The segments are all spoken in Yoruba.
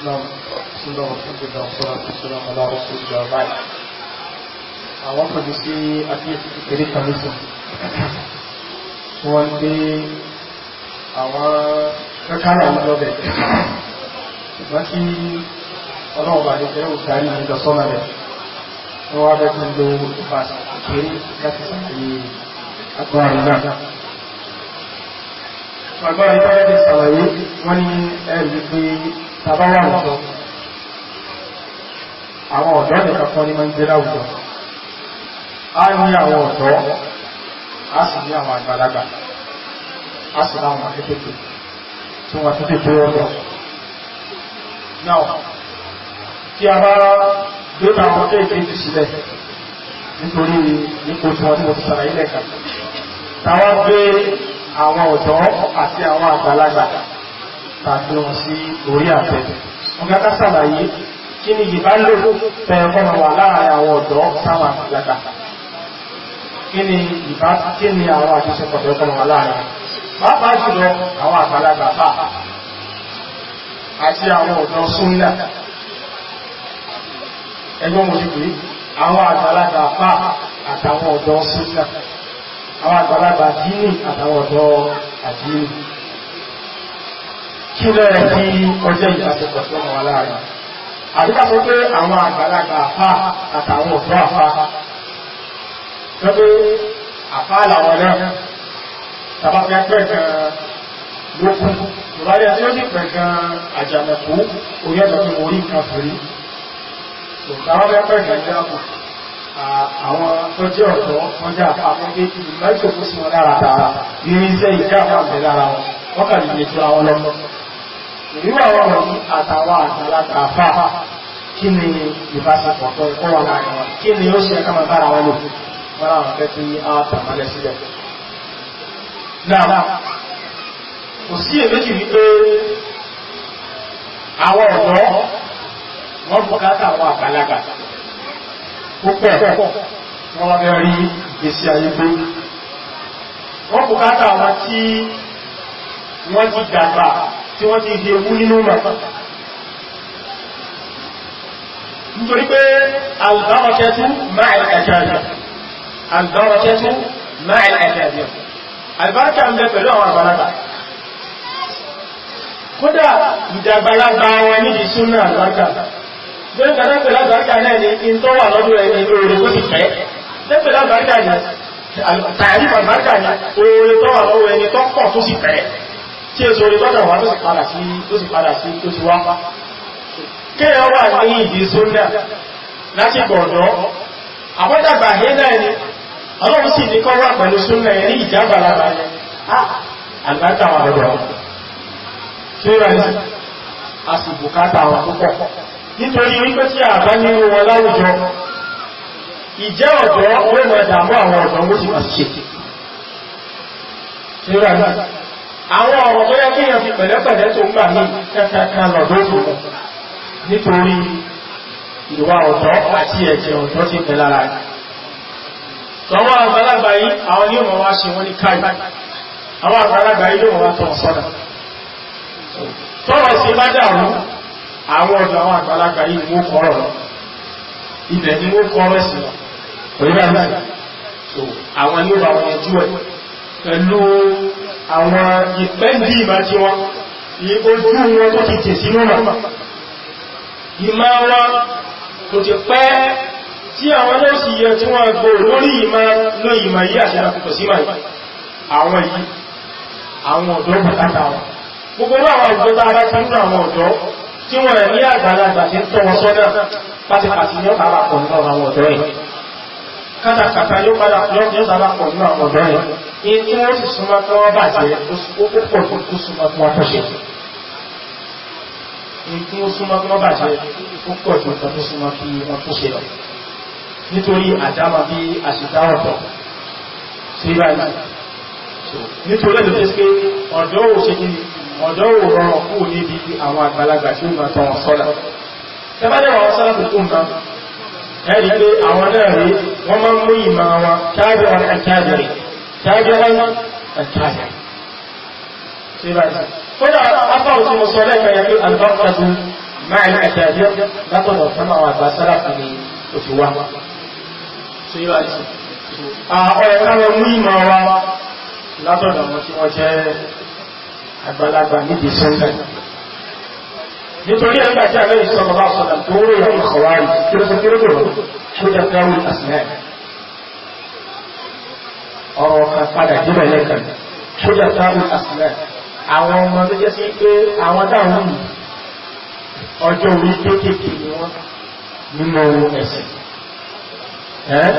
Islam بسم الله والحمد لله والصلاة والسلام على رسول الله وبعد àwọn pẹ̀lú sí àkíyèsí kékeré kan nísìn tí wọ́n ń gbé àwọn kẹ́kẹ́ àwọn lọ́bẹ̀ ṣùgbọ́n tí ọlọ́run bá lè jẹ́ òdarí ìjọ sọ́nà rẹ̀ wọ́n wá bẹ́ẹ̀ tó ń lo ìfàsà kékeré láti ṣàkóyè agbára náà agbára ìtọ́rẹ́ ti sàlàyé wọ́n ní ẹ̀rí pé tàbáwà ọ̀dọ́ àwọn ọ̀dọ́ nìkan kan ní máa ń gbé láwùjọ a ní àwọn ọ̀dọ́ a sì ní àwọn àgbàlagbà a sì láwọn akékèké tí wọ́n tún kékeré ọ̀dọ́ náà tí a bá gbé àwọn kéèkéèké sílẹ̀ nítorí ipò tí wọ́n tí mo ti sàlàyé lẹ́ka àwọn ọ̀dọ́ àti àwọn àgbàlagbà tàbí wọn sí orí àtẹ́ ọgá ká sàlàyé kí ni yìí bá lò tẹ́ẹ̀kọ́nà wà láàrin àwọn ọ̀dọ́ táwọn àgbàlagbà kí ni ìbá kí ni àwọn àjọṣepọ̀ tẹ́ẹ̀kọ́nà wà láàrin pàápàá jùlọ àwọn àgbàlagbà bá àti àwọn ọ̀dọ́ súnlá ẹgbọ́n mo ti àwọn àgbàlagbà bá àtàwọn ọ̀dọ́ súnlá àwọn àgbàlagbà dínì àtàwọn ọ̀dọ́ àdínì kí lẹ́rẹ̀ tí ọjọ́ ìdásẹ̀kọ̀ sí ọmọ wa láàrin àdúgbà sọ pé àwọn àgbàlagbà àfá àtàwọn ọ̀dọ́ àfá sọ pé àfá làwọn náà tàbá fẹ́ pẹ́ gan lókun ìwádìí àti ó ní pẹ̀ gan àjàmẹ̀kú orí ẹ̀dọ̀ tí mo rí nǹkan fèrè tàbá fẹ́ àwọn tó jẹ́ ọ̀dọ́ wọ́n jẹ́ àpapọ̀gbé láìsò kó sí wọn lára tààrà ní iṣẹ́ ìjẹ́ àwọn àgbẹ̀ lára wọn wọ́n kà lè jẹ́ àwọn lọ ìlú àwọn ọ̀rọ̀ ní àtàwọn àgbàlagbà àfà kí ni ìbáṣepọ̀ tó kọ́ wà láàrin wọn kí ni ó ṣe ẹ̀ka máa bára wọn lò wọ́n láwọn fẹ́ kí á tàmálẹ̀ sílẹ̀ náà kò sí èméjì wípé àwọn ọ̀dọ́ wọ́n bùkátà àwọn àgbàlagbà púpọ̀ di nítorí pé àlùbárọ̀kẹ́tú máa ẹ̀kẹ́jọ àlùbárọ̀kẹ́tú máa ẹ̀kẹ́jọ àlùbárọ̀kẹ́ ń bẹ pẹ̀lú àwọn àgbàlagbà kódà ìdàgbàlagbà wọn nídìí súnmọ́ àlùbárọ̀kẹ́ bí ó kàdá pẹ̀lú àbáríkà náà ni kí n tọ́ wà lọ́dún rẹ̀ ní oore tó ti fẹ́ lẹ́pẹ̀lú àbáríkà ni tààrí àbáríkà ni oore tọ́ wà lọ́wọ́ ẹni tó pọ̀ tó sì fẹ́ tí èso oore tọ́jà wà tó sì padà sí tó sì padà sí tó ti wá kéèyàn wà ní ìdí sódà láti gbọ̀dọ̀ àbọ́dàgbà yẹn náà ni ọlọ́run sì ní kọ́ wà pẹ̀lú súnmọ̀ ẹ̀rí ìjábà lára àgbàtà àwọn àgbà tí ó rà ní àsìkò káta àwọn púpọ̀ nítorí wípé tí àbá ní wọn láwùjọ ìjẹ́ ọ̀dọ́ wọ́n mọ̀ àwọn ọ̀dọ́ ó sì máa àwọn ọ̀rọ̀ tó yẹ kí èèyàn fi pẹ̀lẹ́pẹ̀lẹ́ tó ń gbà ní kẹkẹkẹ lọ́dọ́ tó mọ̀ nítorí ìwà ọ̀dọ́ àti ẹ̀jẹ̀ ọ̀dọ́ ti pẹ̀ lára rẹ̀ lọ́wọ́ àgbàlagbà yìí àwọn ní ọmọ wa ṣe wọ́n ní káyì àwọn àgbàlagbà yìí ló wọ́n wá tọ́ sọ́dà tọ́rọ̀ sí bá dàrú àwọn ọ̀dọ̀ àwọn àgbàlagbà yìí ni wọ́n kọ́rọ̀ lọ ibẹ̀ ni wọ́n kọ́rọ̀ sí lọ òyìnbá láì so àwọn ní àwọn ojú ẹ̀ pẹ̀lú àwọn ìpẹ́ndì ìbá tí wọ́n ní ojú wọn tó ti tè sínú náà ìmá wọn tó ti pẹ́ tí àwọn náà sì yẹ tí wọ́n gbọ́ lórí ìmá ló ìmá yí àṣẹ àkùkọ̀ sí máa àwọn yìí àwọn ọ̀dọ́ bùkátà wọn gbogbo àwọn ọ̀dọ́ tá a bá tẹ́lú àwọn ọ̀dọ́ tí wọ́n rẹ̀ ní àgbàlagbà tí ń tọ́ wọn sọ́nà pátápátá yóò bá wà pọ̀ nínú àwọn ọ̀dọ́ yìí kátàkátà yóò bá wà pọ̀ nínú àwọn ọ̀dọ́ yìí ní tí wọ́n sì súnmọ́ kí wọ́n bàjẹ́ ó pọ̀ tó kú súnmọ́ kí wọ́n tọ́ṣe ní tí wọ́n súnmọ́ kí wọ́n bàjẹ́ ó pọ̀ tó kọ́ tó súnmọ́ kí wọ́n tọ́ṣe nítorí àdámà bí àṣìdá ọ̀tọ̀ sí báyìí nítorí ẹ̀dọ̀ tó ṣe pé ọ̀dọ́ ọ̀dọ́ ò rọrùn kú níbi àwọn àgbàlagbà tí ó máa tọ́ wọn sọ́lá tẹ́bàdẹ̀ wọn sọ́lá tó kún náà ẹ̀rí pé àwọn náà rí wọ́n máa ń mú ìmọ̀ wọn káàbí wọn àkáàbẹ̀rẹ̀ káàbí wọn àkáàbẹ̀rẹ̀ tí bá sí kódà apá òtún mo sọ lẹ́ẹ̀kan yẹn pé àlùbọ́kàtù máa wa tí látọ̀dọ̀ wọn tí wọ́n jẹ́ àgbàlagbà nídìí sẹ́ńdẹ̀. nítorí ẹgbẹ́ àti àlẹ́ ìsọ̀rọ̀ bá sọ̀rọ̀ tó ń rìn àwọn ìkọ̀wárì kírókòkírókò tó jẹ́ káwé àsìlẹ̀. ọ̀rọ̀ kan padà débẹ̀ lẹ́kàn tó jẹ́ káwé àsìlẹ̀. àwọn ọmọ tó jẹ́ sí pé àwọn dáhùn ọjọ́ orí kéékèèké ni wọ́n nínú ẹ̀sìn. ẹ́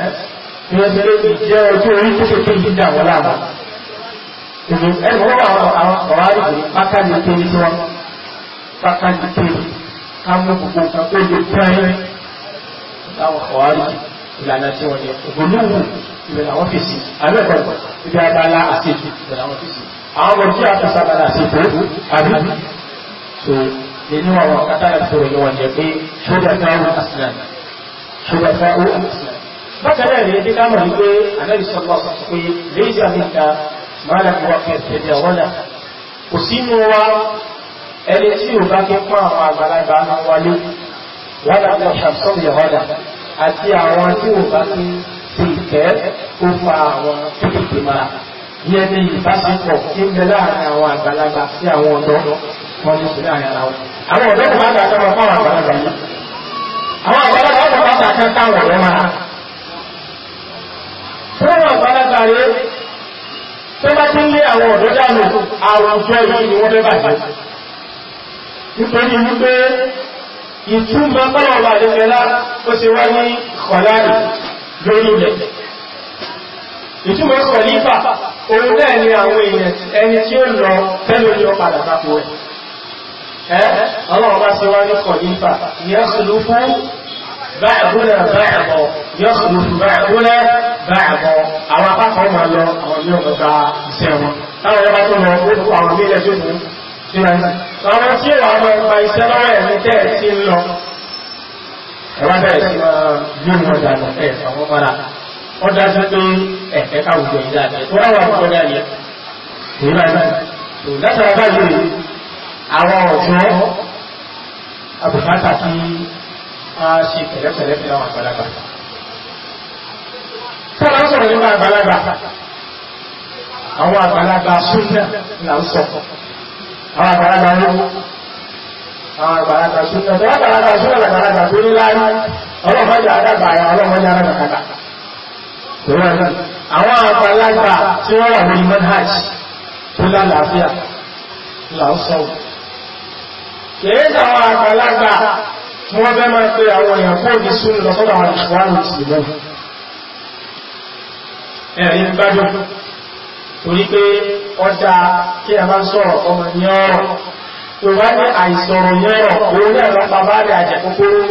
ìrẹsìlẹ̀ jẹ́ ọjọ́ orí kéékèèké yìí dà wọ́n láwọn ìlú ẹnu wọn àwọn àwọn ọ̀rọ̀ àdìgbò pákàdé kéwì tí wọn pákàdé kéwì ká mú gbogbo nǹkan tó lè tẹ́lẹ̀ láwọn ọ̀rọ̀ àdìgbò ìlànà tí wọn yẹ ògbólóhùn ìbẹ̀rẹ̀ àwọn fèsì àbẹ̀kọ̀kọ̀ ibi abala àṣejù ìbẹ̀rẹ̀ àwọn fèsì àwọn ọmọ tí a fi sábàlá àṣejù àbí so nínú àwọn akátá ìṣòro ni wọn yẹ pé ṣódà fáwọn àṣìlẹ̀ ṣódà fáwọn àṣìlẹ̀ bákan náà ní ẹbí ká mọ̀ wípé anábìsọ́gbọ́n sọ pé léyìí àmì mọ́lá wà fi ẹ̀sẹ̀dẹ̀ wọ́lá kò sínú wa ẹni tí ò bá kí pọ́n àwọn àgbàlagbà máa wálé wọ́lá wọ́n ṣàtúnyẹ̀ wọ́lá àti àwọn tí ò bá kí ṣe ìfẹ́ ó fa àwọn tó tètè máa yẹ ní ìbáṣepọ̀ tí ń bẹ láàrin àwọn àgbàlagbà sí àwọn ọ̀dọ́ wọn ní ìpínlẹ̀ àyàrá wọn. àwọn ọ̀dọ́ kò máa dàgbà wọn fáwọn àgbàlagbà yìí àwọn àgbàlagbà wọn kò máa ṣàkẹ́ńtà wọn lọ́wọ́ tẹ́lá tí ń lé àwọn ọ̀dọ́ dànù àwùjọ yìí ni wọ́n fẹ́ bàjẹ́ nítorí wípé ìtumọ̀ pọ́lọ̀wà àdẹ́fẹ́lá ó ṣe wá ní kọ̀láàrí lórí ilẹ̀ ìtumọ̀ kọ̀lífà òun náà ni àwọn èèyàn ẹni tí ó lọ tẹ́lẹ̀ ní ọpadà kápò ẹ̀ àwọn ọba ṣe wá ní kọ̀lífà yẹ́sùlùfú báyàbúnà báyàbọ̀ yẹ́sùlùfú báyàbúnà báyàbọ̀ àwọn apákan máa lọ àwọn ilé ọ̀gbọ̀n gba iṣẹ́ wọn táwọn ọba tó lọ ó fún àwọn ilé ẹjọ́ fún síra ní àwọn tí ìwà ọmọ ẹgbà iṣẹ́ lọ́wọ́ ẹ̀mí tẹ́ ẹ̀ sí ń lọ ẹ̀wá bẹ̀rẹ̀ sí máa gbé wọn dànù ẹ̀ àwọn padà ó dájú pé ẹ̀fẹ́ káwùjọ ìdá àti ẹ̀tọ́ àwọn àwùjọ ní àyẹ̀ èyí máa náà tó látara báyìí àwọn ọ̀dọ́ àbùkátà kí a ṣe pẹ̀lẹ́pẹ̀lẹ́ fẹ́ àwọn àgbàlagbà àwọn nínú àgbàlagbà àwọn àgbàlagbà súnà là ń sọ àwọn àgbàlagbà olówó àwọn àgbàlagbà súnà tó àgbàlagbà súnà làgbàlagbà tó ní láàrín ọlọ́mọdé àdàgbà àyà ọlọ́mọdé àdàgbà àwọn àgbàlagbà tí wọ́n wà lórí manhaj tó lálàáfíà là ń sọ kìí sàwọn àgbàlagbà tí wọ́n fẹ́ máa pe àwọn èèyàn kó ní súnà lọ́sọ́dọ̀ àwọn ìṣòwò àwọn ẹ̀rin gbádùn torí pé ọjà kí a bá ń sọ̀rọ̀ ọmọ ní ọ̀rọ̀ tó bá ní àìsọ̀rọ̀ ní ọ̀rọ̀ òun náà lọ bàbá rẹ̀ àjẹ́ kókóró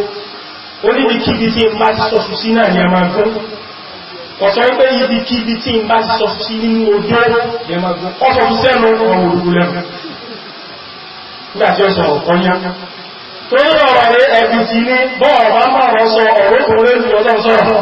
ó níbi kíbi tí ń bá ti sọ̀sù sí náà ní ẹmà gún ọ̀sọ̀ wípé ibi kíbi tí ń bá ti sọ̀sù sí nínú odó ẹmà gún ọ̀sọ̀ fi sẹ́nu ọ̀rọ̀ òdúgbò lẹ́nu nígbà tí ó sọ̀rọ̀ kọ́nyá torí ọ̀rọ̀ rẹ̀ ẹ̀bì tí ní bọ́ọ̀ bá máa rọ sọ ọ̀rọ̀ òkúrẹ́ ìjọba sọ̀rọ̀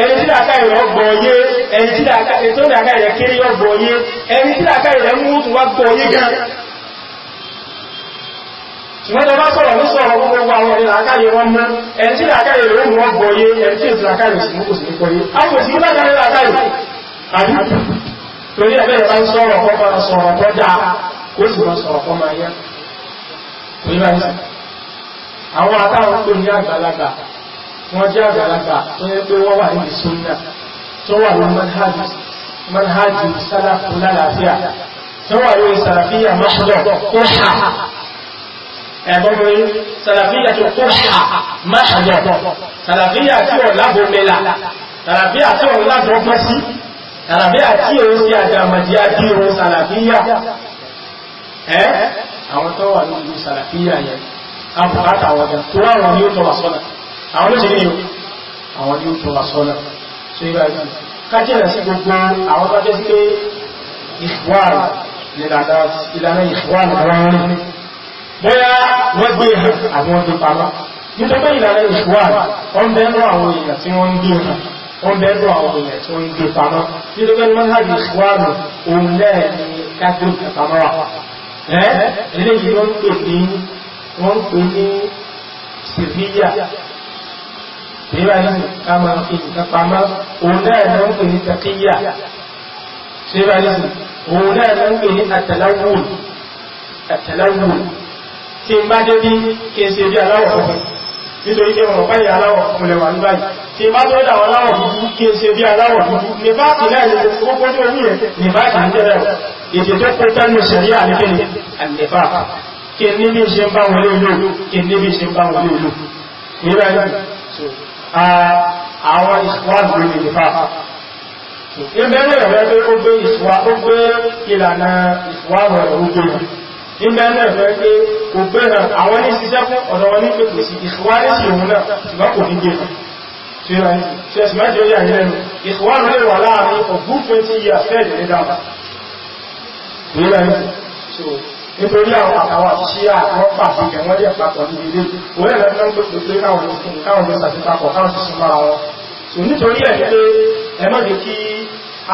ẹni tí làákà ìrẹ̀ ọgbọ̀ yé ẹni tí làákà ìrẹ̀ kéré ọgbọ̀ yé ẹni tí làákà ìrẹ̀ mú tún wá gbọ̀ yé gan ṣùgbọ́n tó bá sọ̀rọ̀ ló sọ̀rọ̀ gbogbo àwọn ọ̀rẹ́ làákà ìrẹ̀ wọn mọ́ ẹni tí làákà ìrẹ̀ ó mú ọgbọ̀ yé ẹni tí èsì làákà ìrẹ̀ sì mú kò yé a kò sí làákà ìrẹ̀ làákà ìrẹ̀ àbí torí ẹgbẹ́ ìbá ń sọ̀rọ̀ kọ́ àwọn àtàwọn tó ní àgbàlagbà wọ́n jẹ́ àgbàlagbà tó yẹ pé wọ́n wà ní ìsúnná tó wà ní manhajì sálàfù lálàáfíà tó wà ní sàlàfíà mọ́ṣọ́dọ̀ kóṣà ẹ̀gbọ́nrin sàlàfíà tó kóṣà mọ́ṣọ́dọ̀ sàlàfíà tí ò lábòmẹ́là sàlàfíà tí ò ládọ́gbọ́n sí sàlàfíà tí ò sí àjàmàjì àdírò sàlàfíà ẹ́ àwọn tó wà ní sàlàfíà yẹn ó tọ́ wà àwọn ló ṣe ní àwọn yóò tó wà sọ́nà tó yíba ẹ̀sìn kájẹ̀rẹ̀ sí gbogbo àwọn tó jẹ́ sí pé ìfúwàrù ìlànà ìfúwàrù àwọn orin bóyá wọ́n gbé e àbí wọ́n gbé e pamọ́ nítorí ìlànà ìfúwàrù wọ́n bẹ́ẹ̀ lọ àwọn èèyàn tí wọ́n ń gbé e hàn wọ́n bẹ́ẹ̀ lọ àwọn èèyàn tí wọ́n ń gbé pamọ́ nítorí wọ́n hàn ìfúwàrù òun lẹ́ẹ̀ ní kájú ìpamọ́ wa ẹ́ eléyìí wọ́n ń pè ní wọ́n ń pè ní sèvíyà síbá yìí ká máa fi nǹkan pamọ́ òun náà ló ń pè ní takíyà síbá yìí òun náà ló ń pè ní àtàláwùl àtàláwùl tí n bá dé bí kí n ṣe bí aláwọ̀ funfun nítorí pé ọ̀rọ̀ báyìí aláwọ̀ funfun lẹ̀wà ní báyìí tí n bá tó dà wọn aláwọ̀ funfun kí n àwọn ìsìwọ́n lórí ìdífà ìbẹ̀rẹ̀ rẹ̀ pé ó gbé ìsìwá ó gbé ìlànà ìsìwọ́n rẹ̀ ó gbé ìbẹ̀rẹ̀ rẹ̀ pé kò gbé rẹ̀ àwọn ní ṣiṣẹ́ fún ọ̀dọ̀ wọn ní pé nítorí àwọn àtàwọn àṣíyà wọ́n pàṣẹ ìjẹ̀ wọ́n jẹ́ papọ̀ ní ilé òun ẹ̀rọ tó ń pèsè pé káwọn ló fún káwọn ló ṣàti papọ̀ káwọn ti sún mọ́ra wọn so nítorí ẹ̀ ní pé ẹ má jẹ́ kí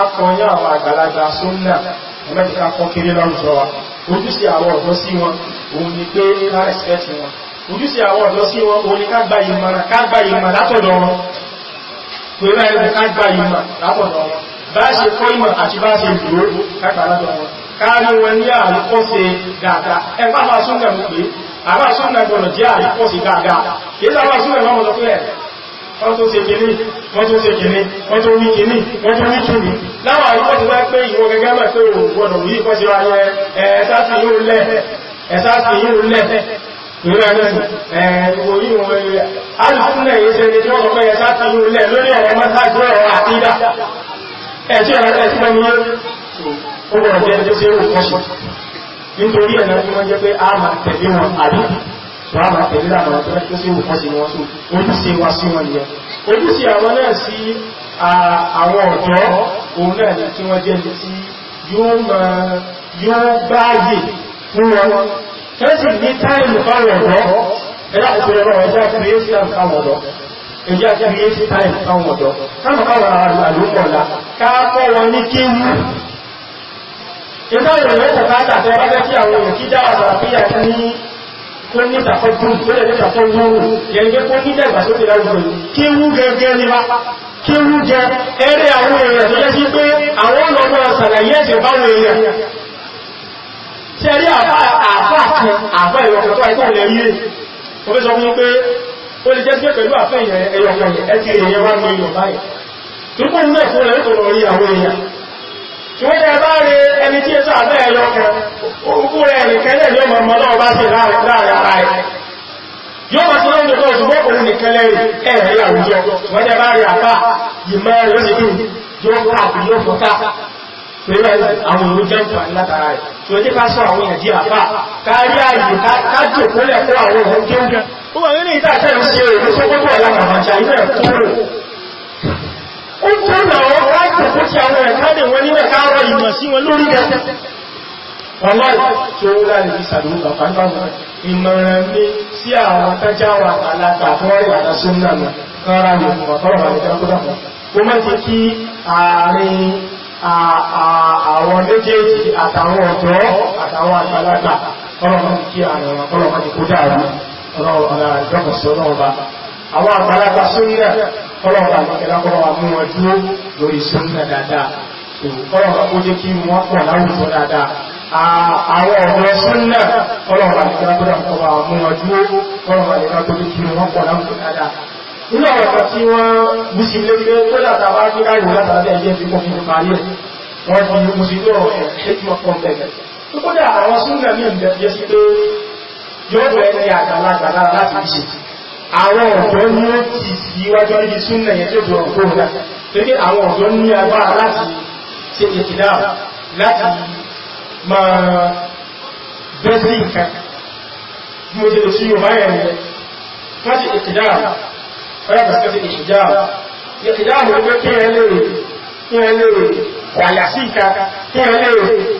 akọyán àwọn àgbàlagbà sóńnà ẹ má jẹ́ ká kọ́ kéré lọ́rùsọ wa ojúṣe àwọn ọ̀dọ́ sí wọn òun ni pé ká rẹ̀spẹ̀tì wọn ojúṣe àwọn ọ̀dọ́ sí wọn òun ni ká gba ìmọ̀ràn ká gba ìmọ̀ látọ̀dọ̀ wọn pé báyìí ká gba ìmọ̀ látọ̀dọ̀ wọn bá ṣe kọ́ ìmọ̀ àti bá ṣe dúró ká gbà wọn kárí wọn ní àríkọ́sí dáadáa ẹgbà bá súnmọ̀ mú pé àbá súnmọ̀ gbọ́nà jẹ́ àríkọ́sí dáadáa kìí sábà súnmọ̀ mọ́ mọ́sọ pé wọ́n tó ṣe kìíní wọ́n tó ṣe kìíní wọ́n tó ní kìíní wọ́n tó ní kìíní láwọn àríkọ́sí wá pé ìwọ gẹ́gẹ́ mọ̀ pé òun gbọ́dọ̀ yìí kọ́ sí wa yẹ ẹ̀ẹ́sásì yóò lẹ̀ ẹ̀sásì yóò lẹ̀ nínú ẹ̀rẹ́sì ẹ̀ẹ́gbòrí wọn rẹ̀ alùsùnlẹ̀ yìí ṣe ni tí wọ́n sọ pé ẹ̀sásì yóò lẹ̀ lórí ẹ̀rọ mọ́sájú ẹ̀rọ àti ìdá ẹ̀tí ó gbọ́dọ̀ jẹ́ tí ó ṣe é wò fún ṣe nítorí ẹ̀nà tí wọ́n jẹ́ pé a máa tẹ̀lé wọn àbí wọ́n a máa tẹ̀lé àwọn tó tó sí òkú sí wọn sí ojúṣe wa sí wọn yẹ ojúṣe àwọn náà sí àwọn ọ̀dọ́ òun náà ní kí wọ́n jẹ́ ní tí yóò gbáyè fún wọn kẹ́sì ní táìmù fáwọn ọ̀dọ́ ẹ̀dá kò fẹ́rẹ̀ ọ̀rọ̀ ẹjá kìrìẹ́sì àwọn ọ̀dọ́ ẹjá kìrìẹ́sì táìmù ọ̀dọ́ káàkọ́ wọn ní kéwú ìjọ ìrìnlẹ̀ tàbátà tó bá jẹ́ kí àwọn èèyàn kí dára sàràfíà tó ní tó ní ìtàkọ́jú tó lè lẹ́tàkọ́ wúrú yẹnjẹ́ kó ní ìdàgbàsókè láwùjọ kí wú gẹ́gẹ́ ní wá kí wú jẹ ẹrẹ àwọn èèyàn tó jẹ́ sí pé àwọn ọlọ́mọ sàlàyé ẹ̀sẹ̀ báwọn èèyàn ṣe rí àfà kan àfà ìwọ̀n tó àìkọ́ ilẹ̀ yìí mo fẹ́ sọ fún pé ó lè jẹ́ sí pẹ̀lú àfà èèyàn ṣùgbọ́n ẹ bá rí ẹni tí èso àbẹ́ ẹ̀yọ kan orúkú rẹ̀ nìkan náà ni ó mọ̀ mọ́lọ́ bá sí láàrin ara ẹ̀ yóò máa sọ lóúnjẹ kan ṣùgbọ́n òun nìkan lẹ́rìn ẹ̀rẹ́ àwùjọ ṣùgbọ́n ẹ bá rí àbá ìmọ̀ rẹ̀ ó sì dùn yóò káàkiri yóò fọ́ká pẹ̀lú àwọn òun jẹ́ ìpàdé látara rẹ̀ tí ó jẹ́ ká sọ ó wà nínú ìta ó ń tán àwọn ọ̀rọ̀ àìkòkó tí àwọn ẹ̀kádẹ̀ wọn nílẹ̀ káàrọ̀ ìmọ̀ sí wọn lórí gẹ̀ ọlọ́rọ̀ tí ó rà ní ìsàdúrú bàbá náà ìmọ̀ràn ní sí àwọn tájáwà alága àfọ́rẹ́ àdásó náà náà kára ní ọ̀tọ́rọ̀ àdẹ́gbẹ́gbẹ́ ó má ti kí àárín àwọn méjèèjì àtàwọn ọ̀dọ́ àtàwọn àgbàlagbà ọlọ́rọ̀ má ti kí àrùn ọlọ́rọ̀ má ti kó dára ọlọ́rọ̀ àdọ́kọ̀sọ́ náà bá àwọn àgbàlagbà sórí kọ́lọ́wọ́ àdìkẹ́lá kọ́lọ́wọ́ mú wọn dúró lórí sunna dáadáa kọ́lọ́wọ́ kó jẹ́ kí wọ́n pọ̀ láwùjọ dáadáa àwọn ọ̀dọ́ sunna kọ́lọ́wọ́ àdìkẹ́lá kọ́lọ́wọ́ mú wọn dúró kọ́lọ́wọ́ àdìkẹ́lá kó jẹ́ kí wọ́n pọ̀ láwùjọ dáadáa nínú àwọn ọ̀pọ̀ tí wọ́n bú sí lé pé tó látàbá ní káàkiri látàbí ẹ̀jẹ́ fi kọ́ fún parí ẹ̀ wọ́n fi mú sí lọ́rọ̀ ẹ̀kẹ́kọ́ pọ̀m̀tẹ̀kẹ̀ tó kó dá àwọn súnmọ̀ ní ìbẹ̀fẹ́ sí pé yóò bẹ̀ẹ́ àwọn ọ̀dọ́ ní ó ti síwájú níbi súnnà yẹn tí ó dùn fún ọ̀gá tó kí àwọn ọ̀dọ́ ní agbára láti ṣe ìkìdá láti máa bẹ́sí nǹkan mo ṣe lè sí yorùbá yẹn rẹ̀ wọ́n wàyà sí ìka kí a lè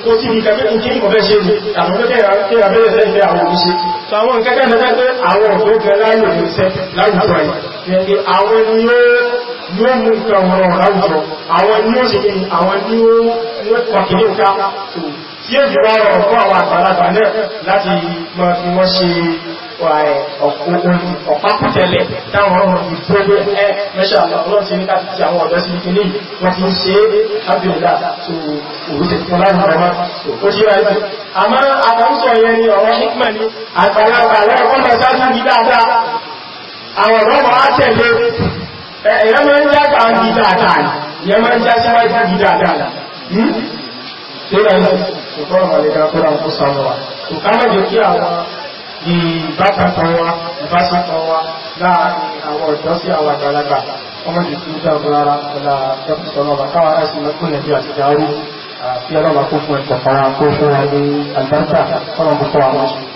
kó sí ìka pé kí ní ọ̀fẹ́ ṣe ní àwọn olókèrè abẹ́rẹ́ fẹ́ fẹ́ àwọn oníṣẹ́ tó àwọn nkẹ́kẹ́ mẹ́fẹ́ pé àwọn òfófẹ́ láyò oníṣẹ́ láwùjọ yìí àwọn ni ó yóò mú nǹkan ọ̀rọ̀ láwùjọ àwọn ni ó sì ní àwọn ni ó pàkìlì ká tí ó jù wá rọ̀ fún àwọn àgbàlagbà náà láti mọ̀ fi wọ́n ṣe ọ̀pákùtẹ̀lẹ̀ táwọn ọmọ ìgbógbé ẹ mẹ́ṣà ọlọ́run ti ní ká ti àwọn ọ̀dọ́ sí ìpínlẹ̀ wọ́n ti ń ṣe ábìlá tó òwúrẹ̀ fún láàrín ọmọ ó ṣe ráyé àmọ́ àtàrúsọ yẹn ni ọ̀rọ̀ hikman ni àgbàlagbà lọ́kọ́lọ́ sáájú ní dáadáa àwọn ọ̀rọ̀ máa tẹ̀lé ẹ̀yẹ́ máa ń jágbà ń di dáadáa ìyẹn máa ń já síwájú di dáadáa Tí ó rẹ̀ ń sọ̀rọ̀ àlẹ́gbà tó rà ń kó sàmọ́wà. Kò ká mẹ́jọ kí àwọn ìbátakọ̀ wa ìbátakọ̀ wa láàrin àwọn ọ̀dọ́ sí àwọn àgbàlagbà ọmọ jù tí ó dáàbò rárá ọ̀la ẹ̀kùnkọ̀ọ́ ọba káwà láti lọ́kùnrin bí àti dáàrú àti ọlọ́ba kó fún ẹ̀kọ̀ọ̀kan kó fún wa ní àlùbáríkà kó wa máa ṣe